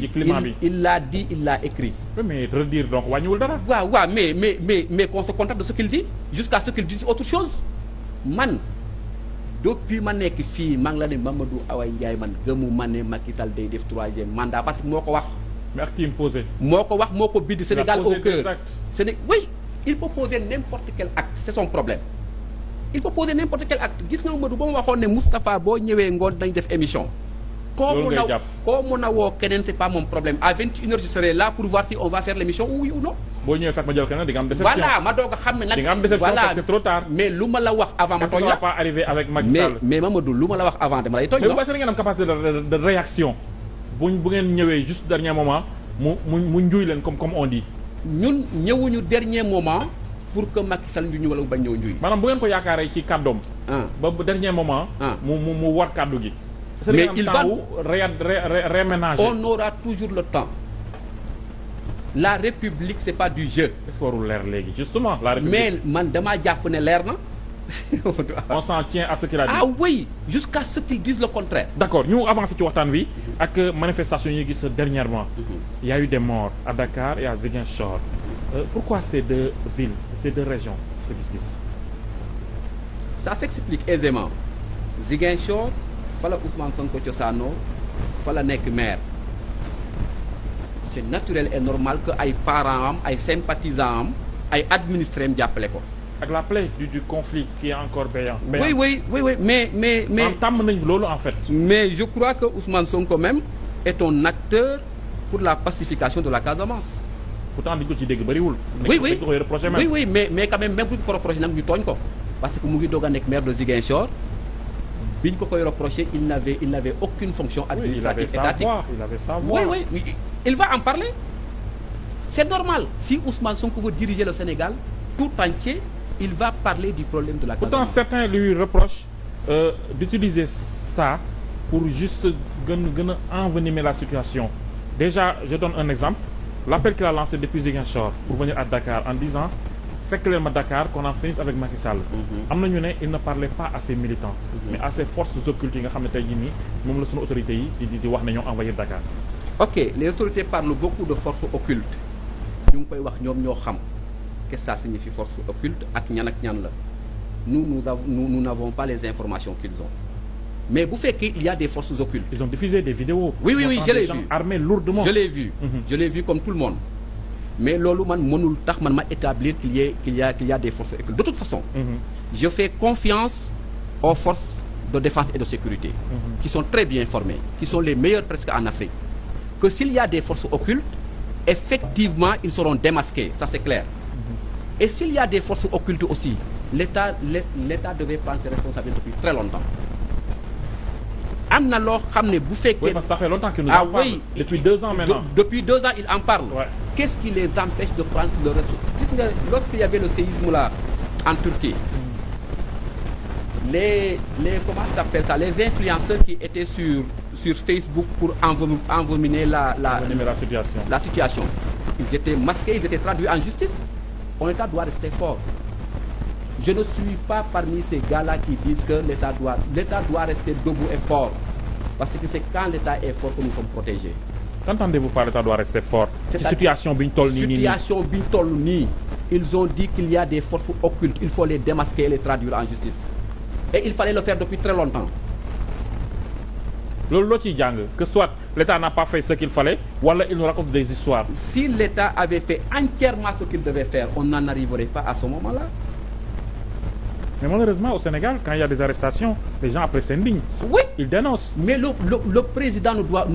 dit il l'a dit il l'a écrit. oui mais redire donc dara. waaw waaw mais mais mais mais qu'on se contente de ce qu'il dit jusqu'à ce qu'il dise autre chose man depuis ma nekk fii maa ngi la ne Mamadou Awaye Ndiaye man gëmu ma ne Macky Sall day def troisième mandat parce que moo ko wax. mais ak ki moo ko wax moo ko bind Sénégal au cœur. Sénégal oui il peut poser n'importe quel acte c'est son problème. il peut poser n'importe quel acte gis nga Mamadou ba ma waxoon ne Moustapha boo ñëwee ngoon dañ def émission koo mun a koo mun a woo keneen c'est pas mon problème à une heures je pour voir si on va faire l'émission oui ou non boo ñëwee sax ma jël keneen di nga am déception voilà ma doog a xam ne nag di am déception parce que trop tard mais lu ma la wax avant ma tooñ la pas arrivé avec Macky Sall mais Mamadou lu ma la wax avant dama lay tooñ pour que Macky Sall njuñ wala bañ ñëw njuñ. maanaam bu ngeen ko yaakaaree ci kàddoom. Ah. ba ba dernier moment. Ah. mu mu war kàddu gi. mais il va réaménager on aura toujours le temps. la république c'est pas du jeu. est leer léegi justement la république. mais man damaa jàpp ne leer na. on s'en tient à ce qu'il a dit. ah oui jusqu'à ce qu'ils disent le contraire. d'accord ñu avancé ci waxtaan wi. ak manifestation yi gis dernièrement. Mhm. il y a eu des morts ces deux régions sa gis-gis. ça s'explique aisément Ziguinchor fa la Ousmane Sonko cosaanoo fa la nekk maire c'est naturel et normal que ay parent am ay sympathisants am ay administrés am jàppale ko. ak la plaie du conflit qui est encore béant. oui oui oui mais mais mais. tàmm nañ loolu en fait. mais je crois que Ousmane Sonko même est un acteur pour la pacification de la Casamance. pourtant dañu ko ci dégg bëriwul. oui oui oui oui mais mais quand même même bu ko reproché nag ñu tooñ ko. parce que mu ngi doog a nekk maire de Ziguinchor bi ñu ko koy reproché il n'avait aucune fonction administrative étatique voix oui oui il va en parler. c'est normal si Ousmane Sonko veut diriger le Sénégal tout entier il va parler du problème de la. Pourtant certains lui reprochent euh, d'utiliser ça pour juste gën gën a envenimer la situation déjà je donne un L'appel qu'il a lancé depuis Ziguinchor pour venir à Dakar en disant fekk leen ma Dakar qu'on en finisse avec Macky Sall. Mm-hmm. am na ñu ne il ne parlait pas à ses mm-hmm. mais à forces occultes yi nga xam ne tey jii nii moom la suñu autorités yi di di wax ne ñoo envoyé Dakar. ok les autorités parlent beaucoup de forces occultes ñu ngi koy wax ñoom ñoo xam qu'est-ce que ça signifie force occulte ak ñan ak ñan la nous nous avons nous n'avons pas les informations qu'ils ont. mais bu fekkee il y a des forces occultes. ils ont diffusé des vidéos. oui oui oui je l'ai vu je l'ai vu je l'ai vu comme tout le monde. mais loolu man mënul tax man ma établir qu'il y a des forces occultes de toute façon. Mhm. je fais confiance aux forces de défense et de sécurité. Mhm. qui sont très bien formées qui sont les meilleures presque en Afrique. que s'il y a des forces occultes effectivement ils seront démasqués ça c'est clair. Mhm. et s'il y a des forces occultes aussi l'État l'État devait prendre ses am na loo xam ne bu fekkee. ça fait longtemps qu'il nous en ah parle. depuis deux ans maintenant depuis deux ans il en parle. qu'est-ce qui les empêche de prendre lorsqu'il y avait le séisme en Turquie les influenceurs qui étaient sur Facebook pour envominer la la la situation. la situation ils étaient masqués ils étaient traduits en justice on état doit rester que l'état doit l'état doit rester fort parce que c'est quand l'État est fort que nous sommes protégés. Qu'entendez-vous par l'État doit rester fort ci situation bi ñu toll nii situation bi ñu toll nii ils ont dit qu'il y a des forces occultes il faut les démasquer et les traduire en justice et il fallait le faire depuis très longtemps loolu loo ciy jàng que soit l'État n'a pas fait ce qu'il fallait wala il nous raconte on n'en arriverait pas à ce moment-là mais malheureusement au Sénégal quand il y a des arrestations les il dénonce. mais le le le président ne doit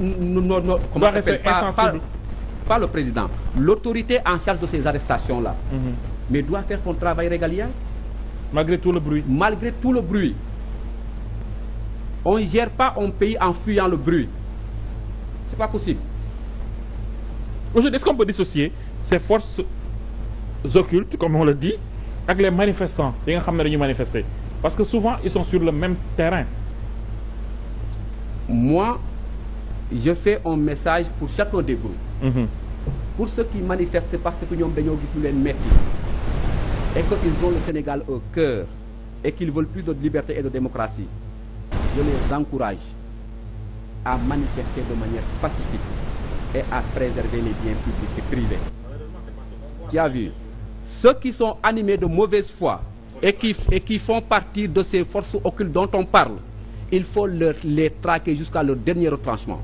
ne ne ne. comment ça s'appelle pas, le président l'autorité en charge de ces arrestations là. Mhm. mais doit faire son travail régalien. malgré tout le bruit. malgré tout le bruit on ne gère pas un pays en le bruit c'est pas possible. aujourd'hui est-ce qu'on peut dissocier ces forces occultes comme on le dit ak les manifestants yi nga xam ne dañuy manifester parce que souvent ils sont sur le même terrain. moi je fais un message pour chacun des groupes mmh. pour ceux qui manifestent parce que ñoom dañoo gis lu leen metti et que ils ont le Sénégal au cœur et qu'ils veulent plus de liberté et de démocratie je les encourage à manifester de manière pacifique et à préserver les biens publics et privés tu qui sont animés de mauvaise foi et qui, et qui font partie de ces forces occultes dont on parle il faut leur les traquer jusqu'à leur dernier retranchement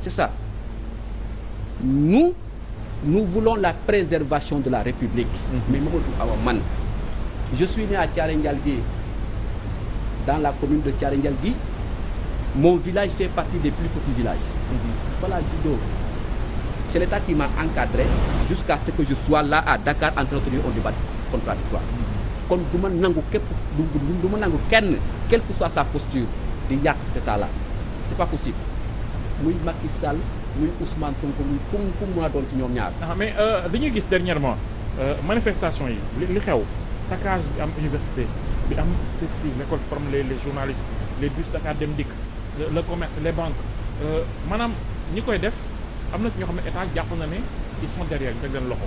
c'est ça nous nous voulons la préservation de la République mmh. mais Mamadou Awa man je suis né à Thiaré dans la commune de Thiaré Ndialgui mon village fait partie des plus petits villages mmh. voilà judo c'est l'État qui m'a encadré jusqu'à ce que je sois là à Dakar en train de débat contradictoire kon du ma nangu képp du ma nangu kenn quelle que soit sa posture di yàq cet état là c'est pas possible muy Macky Sall muy Ousmane Sonko muy kum kum mën a doon ci ñoom ñaar. ah mais dañuy euh, gis dernièrement euh, manifestation yi li xew saccage bi am université bi am ceci l'école form les les journalistes les bus Dakar Dem Dikk le commerce les banques euh, maanaam ñi koy def am na ci ñoo xam ne état jàpp na ne ils sont derrière ñu teg leen loxo.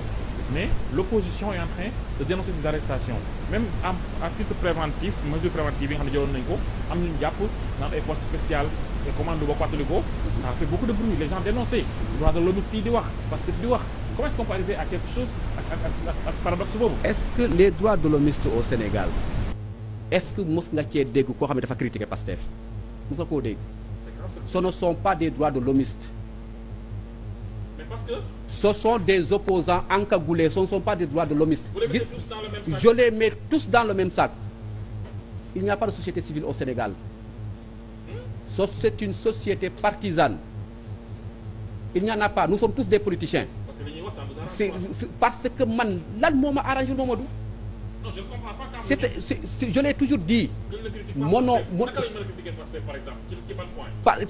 mais l'opposition est en train de dénoncer ces arrestations même am titre préventif mesure préventive yi nga xam ne jëloon nañu ko am ñu jàpp naan ay forces spéciales commande boo fàttalikoo ça fait de bruit les gens dénoncé droit de l'homme si di wax parce que di wax comment est-ce qu'on peut arriver à quelque chose ak ak ak ak paradoxe boobu est que les droits de l'hommiste au Sénégal est-ce que mos nga cee dégg koo xam ne dafa critiqué Pastef mos nga koo dégg ce ne sont pas des droits ce sont des opposants encagoulés ce ne sont pas des droits de l'homiste je les mets tous dans le même sac il n'y a pas de société civile au Sénégal c'est une société partisane il n'y en a pas nous sommes tous des politiciens c'est parce que man lan moo ma arrangé Mamadou c'était je l'ai toujours dit mono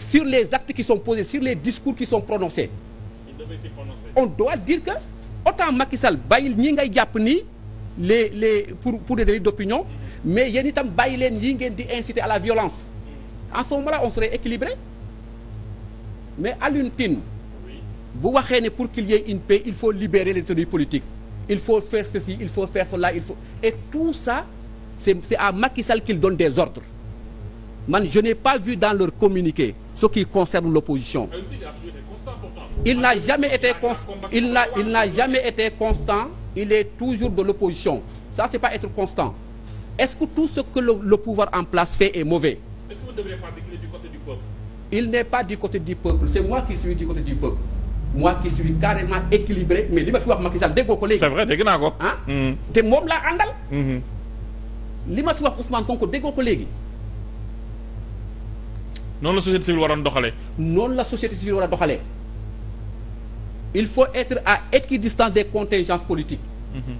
sur les actes qui sont posés sur les discours qui sont prononcés on doit dire que autant Macky Sall bàyyil ñi ngay jàpp ni les les pour pour des délits d'opinion mais yéen itam bàyyi leen yi ngeen di inciter à la violence en ce moment on serait équilibré mais Alioune Tine bu waxee ne pour qu'il y ait une paix il faut libérer les détenus politiques il faut faire ceci il faut faire cela il faut et tout ça c'est c'est à Macky Sall qu'il donne des ordres man je n'ai pas vu dans leur communiqué ce qui concerne l'opposition Il n'a jamais été constant. Il n'a, il n'a jamais été constant. Il est toujours de l'opposition. Ça, c'est pas être constant. Est-ce que tout ce que le, pouvoir en place fait est mauvais? Il n'est pas du côté du peuple. C'est moi qui suis du côté du peuple. moi qui suis carrément équilibré mais li ma fi wax Macky Sall ko léegi. c'est vrai dégg ko. Ah? Hmm. te moom laa àndal. Hmm. li ma fi wax Ousmane Sonko déggoo ko léegi. noonu la société civile waroon doxalee. noonu la société civile war a il faut être à équidistance des contingences politiques mm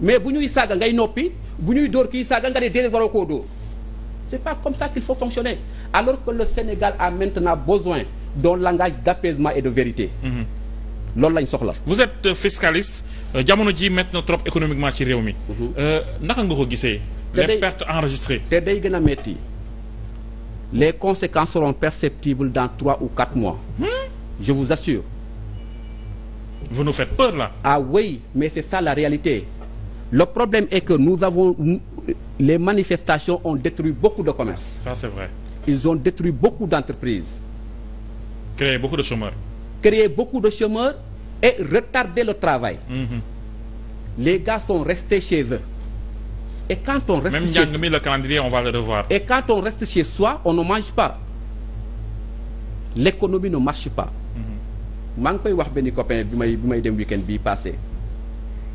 mais bu ñuy saaga ngay noppi bu ñuy dóor kii saaga nga ne déedéet waroo koo dóor c'est pas comme ça qu'il faut fonctionner alors que le Sénégal a maintenant besoin d'un langage d'apaisement et de vérité mm -hmm. loolu lañ soxla. vous êtes fiscaliste euh, jamono ji métti na trop économiquement ci réew mi. Mhm. Euh, naka nga ko gisee. les pertes enregistrées. te day gën a métti les conséquences seront perceptibles dans trois ou quatre mois. Hmm? je vous assure. Vous nous faites peur là. Ah oui, mais c'est ça la réalité. Le problème est que nous avons les manifestations ont détruit beaucoup de commerces. Ça c'est vrai. Ils ont détruit beaucoup d'entreprises. Créé beaucoup de chômeurs. Créé beaucoup de chômeurs et retardé le travail. Mhm. Les gars sont restés chez eux. on reste Même chez... Même le calendrier, on va Et quand on reste chez soi, on ne mange pas. L'économie ne marche pas. maa ngi koy wax benn copain bi may bi may dem week bi bii passé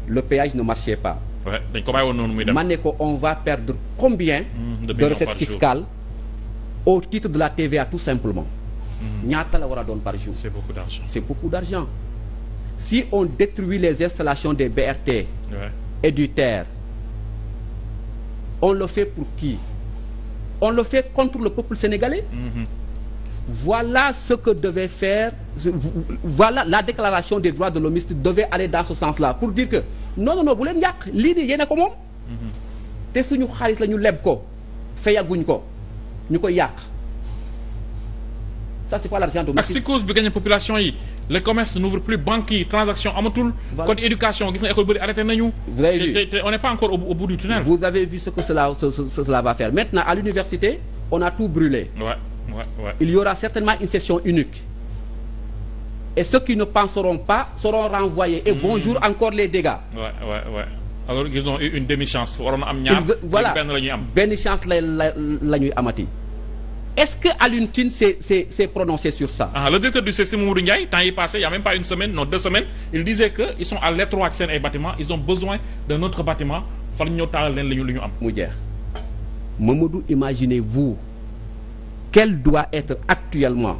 le péage ne marchait pas. waaw dañ ko bàyyi woon noonu muy dem. ma ne ko on va perdre combien. Hmm, de, de recettes fiscales au titre de la TVA tout simplement. Hmm. ñaata la war a doon par jour. c'est beaucoup d'argent c'est beaucoup d'argent. si on détruit les installations des BRT. Ouais. et du TER. on le fait pour qui? on le fait contre le peuple sénégalais. Hmm, voilà ce que devait faire voilà la déclaration des droits de l'hommiste devait aller dans ce sens-là pour dire que non non non bu leen yàq lii nii yéen a ko moom mm-hmm. te suñu xaalis la ñu leb ko fayaguñ ko ñu koy yàq ça c'est quoi l'argent domestique ak si cause bi gañe population yi le commerce n'ouvre plus banque yi transaction amatul code éducation gis nga école bëri arrêté nañu on n'est pas encore au bout du tunnel vous avez vu ce Ouais, ouais. Il y aura certainement une session unique. Et ceux qui ne penseront pas seront renvoyés. Et mmh. bonjour encore les dégâts. Ouais, ouais, ouais. Alors ils ont eu une demi-chance. waroon am ñaar voilà benn la ñuy am benn chance la la la ñuy amati. est-ce que Alioune Tine prononcé sur ça. Ah, le directeur du CESE Mamadou Ndiaye temps yi passé il a même pas une semaine non deux semaines il disait que ils sont à l'étroit ak seen ay bâtiments ils ont besoin d'un autre bâtiment fan ñu li ñu mu jeex Mamadou quel doit être actuellement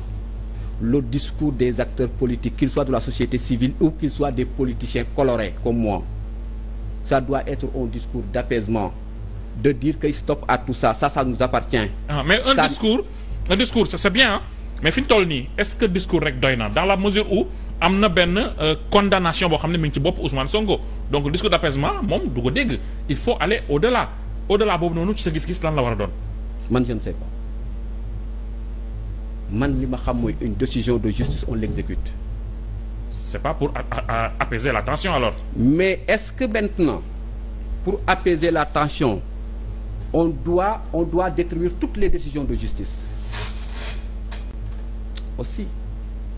le discours des acteurs politiques, qu'ils soient de la société civile ou qu'ils soient des politiciens colorés comme moi. Ça doit être un discours d'apaisement, de dire que stop à tout ça, ça, ça nous appartient. Ah, mais un ça... discours, un discours, c'est bien, mais fi ñu toll nii est-ce que discours rek doy na dans la mesure où am na benn euh, condamnation boo xam ne mi ngi ci bopp Ousmane Sonko donc discours d'apaisement moom du ko dégg il faut aller au-delà au-delà boobu noonu ci sa gis-gis la war a doon. man je man li ma xam mooy une décision de justice on l'exécute c'est pas pour apaiser la tension alors mais est-ce que maintenant pour apaiser la tension on doit on doit détruire toutes les décisions de justice aussi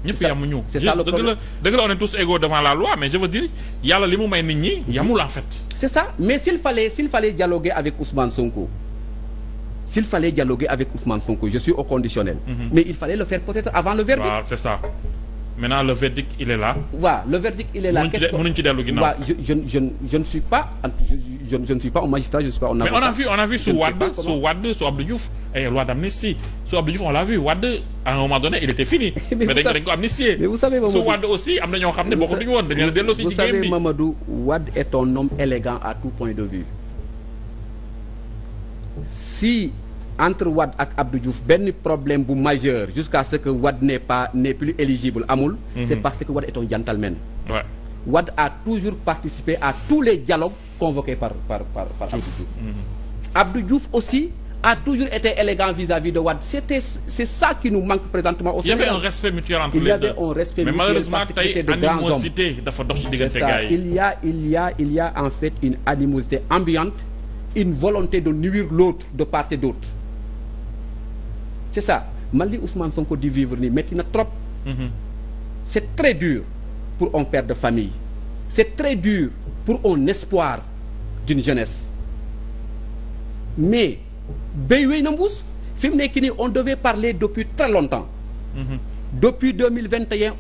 ñëpp yamuñu c'est ça le problème dëgg la on est tous égaux devant la loi mais je veux dire yàlla li mu may nit ñi yamul en fait c'est ça mais s'il fallait s'il fallait dialoguer avec Ousmane Sonko s'il fallait dialoguer avec Ousmane Sonko je suis au conditionnel. Mhm. mais il fallait le faire peut-être avant le verdict. c'est ça maintenant le le verdict il est là. je ne suis pas je je ne suis pas un magistrat je on a vu on a vu su Wade su Wade su Abdou Diouf eh, ay on l'a vu Wade à moment donné il était fini. mais vous savez Mamadou su Wade est un homme élégant à tout point de vue. si entre Wade ak Abdou Diouf benn problème bu majeur jusqu'à ce que Wade n'est pas n'est plus éligible amul mhm. c'est parce que Wade est un gentleman ouais. a toujours participé à tous les dialogues convoqués par par par, par Abdou mhm. aussi a toujours été élégant vis-à-vis de Wade. C'était, c'est ça qui nous manque présentement au Sénégal. Il y avait Il y avait un respect mutuel. Mais malheureusement, tey animosité dafa il y a en fait une animosité ambiante une volonté de nuire l'autre de part et d'autre c'est ça man li Ousmane Sonko di vivre nii métti na trop mhm. c'est très dur pour un père de famille c'est très dur pour un espoir d'une jeunesse mais béy wéy na mbuus fi mu nekk nii on devait parler depuis très longtemps mhm. depuis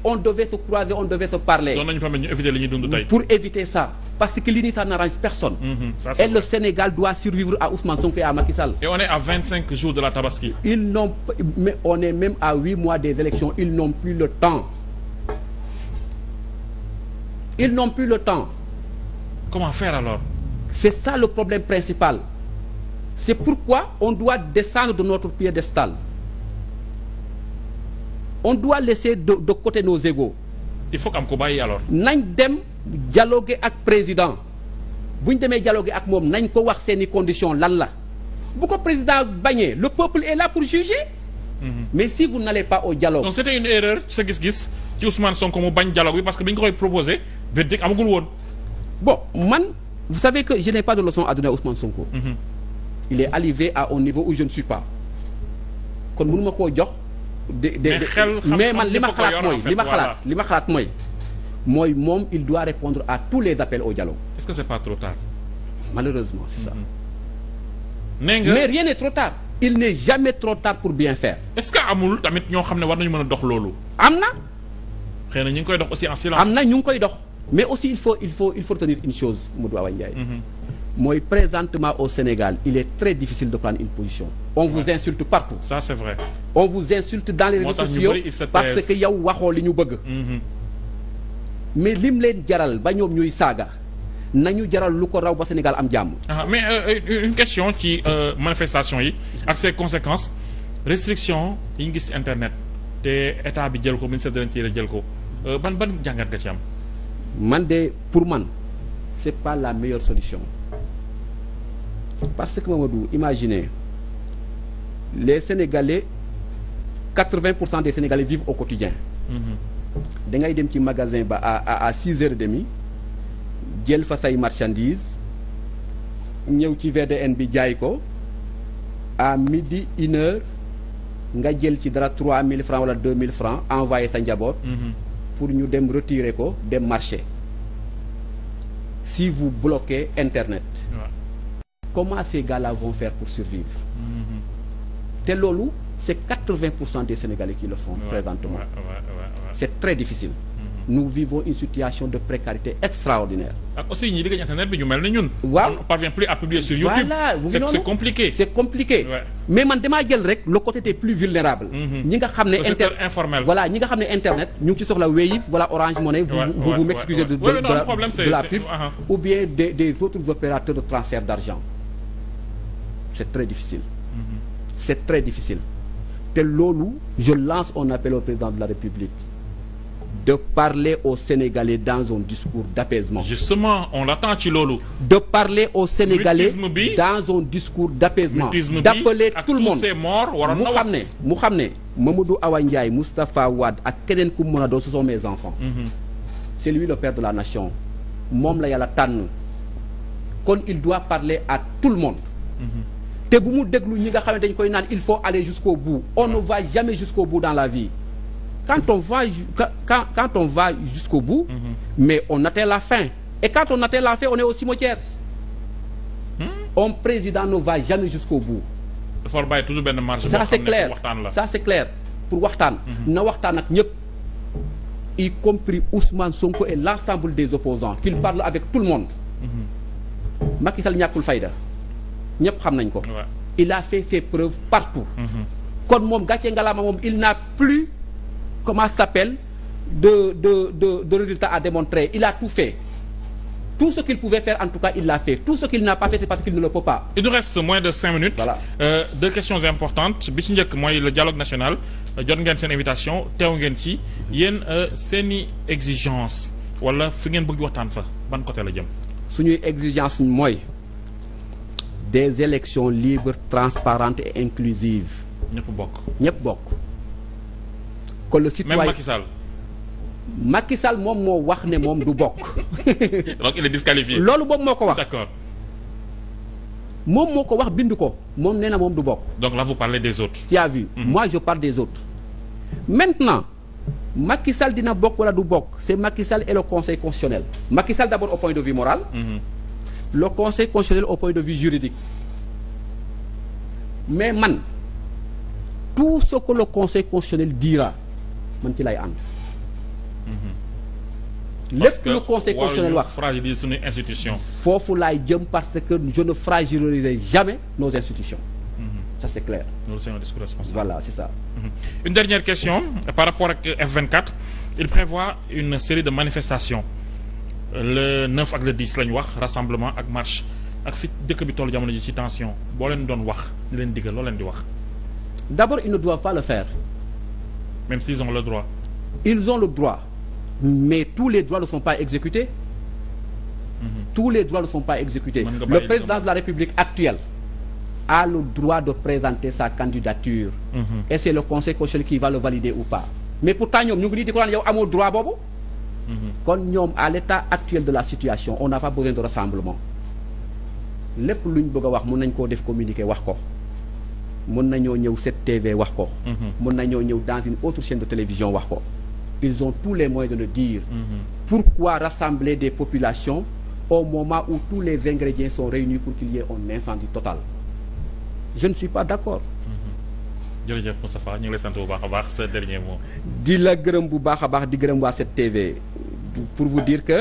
on devait se croiser on devait se parler pour éviter ça parce que l'unité ça n'arrange personne. Mmh, ça, et vrai. le Sénégal doit survivre à Ousmane Sonko et à Macky Et on est à jours de la Tabaski. Ils n'ont mais plus le temps. Ils n'ont plus le temps. C'est ça le problème principal. C'est pourquoi on doit descendre de notre piédestal. On doit laisser de, de côté nos égos. Il faut dialoguer ak président bu ñu demee dialoguer ak moom nañ ko wax seeni condition lan la bu ko président bañee le peuple est là pour juger. Mmh. mais si vous n'allez pas au dialogue. non une erreur sa gis-gis ci Ousmane Sonko mu bañ dialogue bi parce que bi ñu ko koy proposé verdict amagul woon. bon man vous savez que je n'ai pas de leçon à donner à Ousmane Sonko. Mhm. il est arrivé à un niveau où je ne suis kon mënu ma koo jox. de de mais man li ma xalaat mooy li ma xalaat mooy moom il doit répondre à tous les appels au dialogue. malheureusement c'est ça. Mm-hmm. mais rien n'est trop tard. il n'est jamais trop tard pour bien faire. est-ce que amul tamit ñoo xam ne war nañu mën a dox loolu. am na. xëy na ñu ngi koy dox am na ñu ngi koy dox mais aussi il faut il faut tenir une chose Modou Awa Ndiaye. Mm-hmm. mooy présentement au Sénégal il est très difficile de prendre une position. on vous insulte partout. on vous insulte dans les réseaux sociaux mais lim leen jaral ba ñoom ñuy saaga nañu jaral lu ko raw ba Sénégal am jàmm. Ah, mais euh, euh une question ci euh, manifestation yi ak ses conséquences restriction yi ñu gis internet te état bi jël ko ministère de l'Intérieur jël ko euh, ban ban jàngat nga ci am. man de pour man c'est pas la meilleure solution parce que du imaginé les Sénégalais quatre-vingts pour cent des Sénégalais vivent au quotidien. Mm-hmm. da ngay dem ci magasin ba à à six heures et demie jël fa say marchandise ñëw ci VDN bi jaay ko à midi une nga jël ci dara trois mille francs wala deux mille francs envoyé sa njaboot. Mhm. pour ñu dem retire ko dem marché si vous bloquez internet. Ouais. comment ces gars-là faire pour survivre. Mhm. te loolu c'est quatre-vingts pour cent des Sénégalais qui présentement. c'est très difficile. Mm-hmm. nous vivons une situation de précarité extraordinaire. ak ah, aussi ñi liggéey internet bi ñu mel ni ñun. waaw on parvient plus à publier sur YouTube. c'est compliqué. mais man damaa jël rek le plus vulnérables. Mm-hmm. ñi nga xam ne inter informel. voilà nga xam ne internet ñu ngi ci soxla Wave voilà Orange Money. vous vous vous m'excusez de de la pub uh-huh. ou bien des autres opérateurs de transfert d'argent c'est très difficile. Mm-hmm. c'est très te loolu je lance un appel au président de parler aux Sénégalais dans un discours d'apaisement. Justement, on l'attend ci loolu. de parler aux Sénégalais dans un discours d'apaisement. d'appeler tout le monde mu xam ne mu xam ne Mamadou Awa Ndiaye Moustapha Wade ak keneen ku mën a doon ce sont mes enfants. Mhm. c'est lui le père de la nation moom la yàlla tànn kon il doit parler à tout le monde. Mhm. te bu mu déglu ñi nga xam ne dañ koy naan il faut aller jusqu'au bout on ne va jamais jusqu'au bout dans la quand on va quand quand on va jusqu'au mhm. mais on atteint la fin. et quand on atteint la fin on est au cimetière. Mm -hmm. un président ne va jamais jusqu'au bout. dafa bàyyi toujours benn marge. ça c'est clair pour waxtaan. Mhm. na waxtaan ak ñëpp. y compris Ousmane Sonko et l'ensemble des opposants qu'il mhm. parle avec tout le monde. Macky Sall ñàkkul fayda ñëpp xam nañ ko. il a fait ses preuves partout. kon moom gàcce ngalaama moom il n'a plus. comment ça s'appelle de de de de résultats à démontrer il a tout fait tout ce qu'il pouvait faire en tout cas il l'a fait tout ce qu'il n'a pas fait c'est parce qu'il ne le peut pas. il nous reste moins de cinq minutes. voilà euh, deux questions importantes bi ci njëkk mooy le dialogue national euh, jot ngeen seen invitation teew ngeen si yéen euh, seeni exigence wala fi ngeen bëgg waxtaan fa ban côté la jëm. suñuy exigence mooy des élections libres transparentes et inclusives. ñëpp bokk ñëpp bokk. que le citoyen même Macky Sall. Macky Sall moom moo wax ne moom du bokk. donc il loolu boobu moo ko wax d'accord. moom moo ko wax bind ko moom nee na moom du bokk. donc là vous parlez des autres. tu as vu mm moi je parle des autres. maintenant Macky Sall dina bokk wala du bokk c'est Macky Sall et le conseil constitutionnel. Macky Sall au point de vue moral. Mhm. le conseil constitutionnel au point de vue juridique. mais man tout ce que le conseil constitutionnel dira. man ci lay ànd. Mhm. lépp lu conseil constitutionnel wax fragiliser suñu institution. foofu laay jëm parce que je ne fragiliserai jamais nos institutions. Mhm. ça c'est clair. loolu c'est un discours responsable. voilà c'est ça. Mhm. une question par rapport ak F24 il prévoit une série de manifestations le 9 ak le 10 la ñu wax rassemblement ak marche ak fi dëkk bi tollu jamono ji ci tension boo leen doon wax di leen digal loo leen di wax. d'abord ils ne doivent pas le faire. Même s'ils le droit. Ils ont le droit, mais tous les droits ne sont pas exécutés. Mhm. Tous les droits ne sont pas exécutés. Le président de la République actuelle a le droit de présenter sa candidature. Mm Et c'est le conseil constitutionnel qui va le valider ou pas. mais pourtant ñoom ñu ngi nii di yow amoo droit boobu. Mhm. kon ñoom à l'état actuel de la situation on n'a pas besoin de rassemblement lépp luñ bëgg a wax mun nañ koo def communiqué wax ko. mën nañoo ñëw 7TV wax ko. Mhm. mën nañoo ñëw dans une autre chaîne de télévision wax ko. ils ont tous les moyens de le dire. Mhm. pourquoi rassembler des populations au moment où tous les ingrédients sont réunis pour qu'il y ait un incendie total je ne suis pas d'accord. Mhm. jërëjëf Moustapha ñu ngi lay bu baax a baax sa dernier mot. di la gërëm bu baax a baax di gërëm waa 7TV pour vous dire que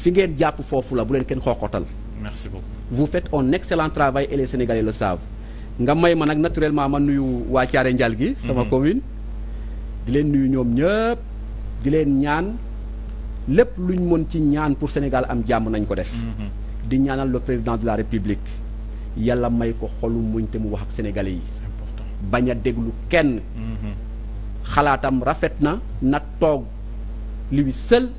fi ngeen jàpp foofu la bu leen kenn xooxotal. merci beaucoup. vous faites un excellent travail et les Sénégalais le savent. nga may ma nag naturellement ma nuyu waa Thiaré Ndial gi sama mhm. commune di leen nuyu ñoom ñëpp di leen ñaan lépp luñ mën ci ñaan pour Sénégal am jàmm nañ ko def mhm. di ñaanal le président de la République yàlla may ko xolu muñ mu wax ak sénégalais yi bañ a déglu kenn mhm. xalaatam rafet na na toog lui seul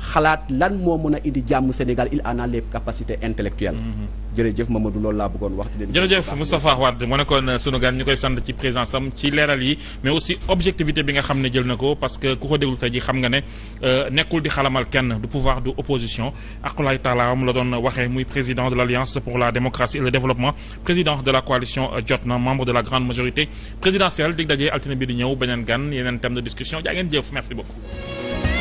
xalaat lan moo mën a indi jàmm Sénégal il en a les capacités intellectuelles. Mhm. jërëjëf Mamadou lool laa bëggoon wax. di leen jërëjëf Moustapha Wade mu nekkoon euh, sunu gan ñu koy sant ci présence ci leeral yi mais aussi objectivité bi nga xam ne jël na ko parce que ku ko déglu tey ji xam nga ne euh, nekkul di xalamal kenn du pouvoir du opposition akulaay taalaam la doon waxee muy président de l' alliance pour la démocratie et le développement président de la coalition euh,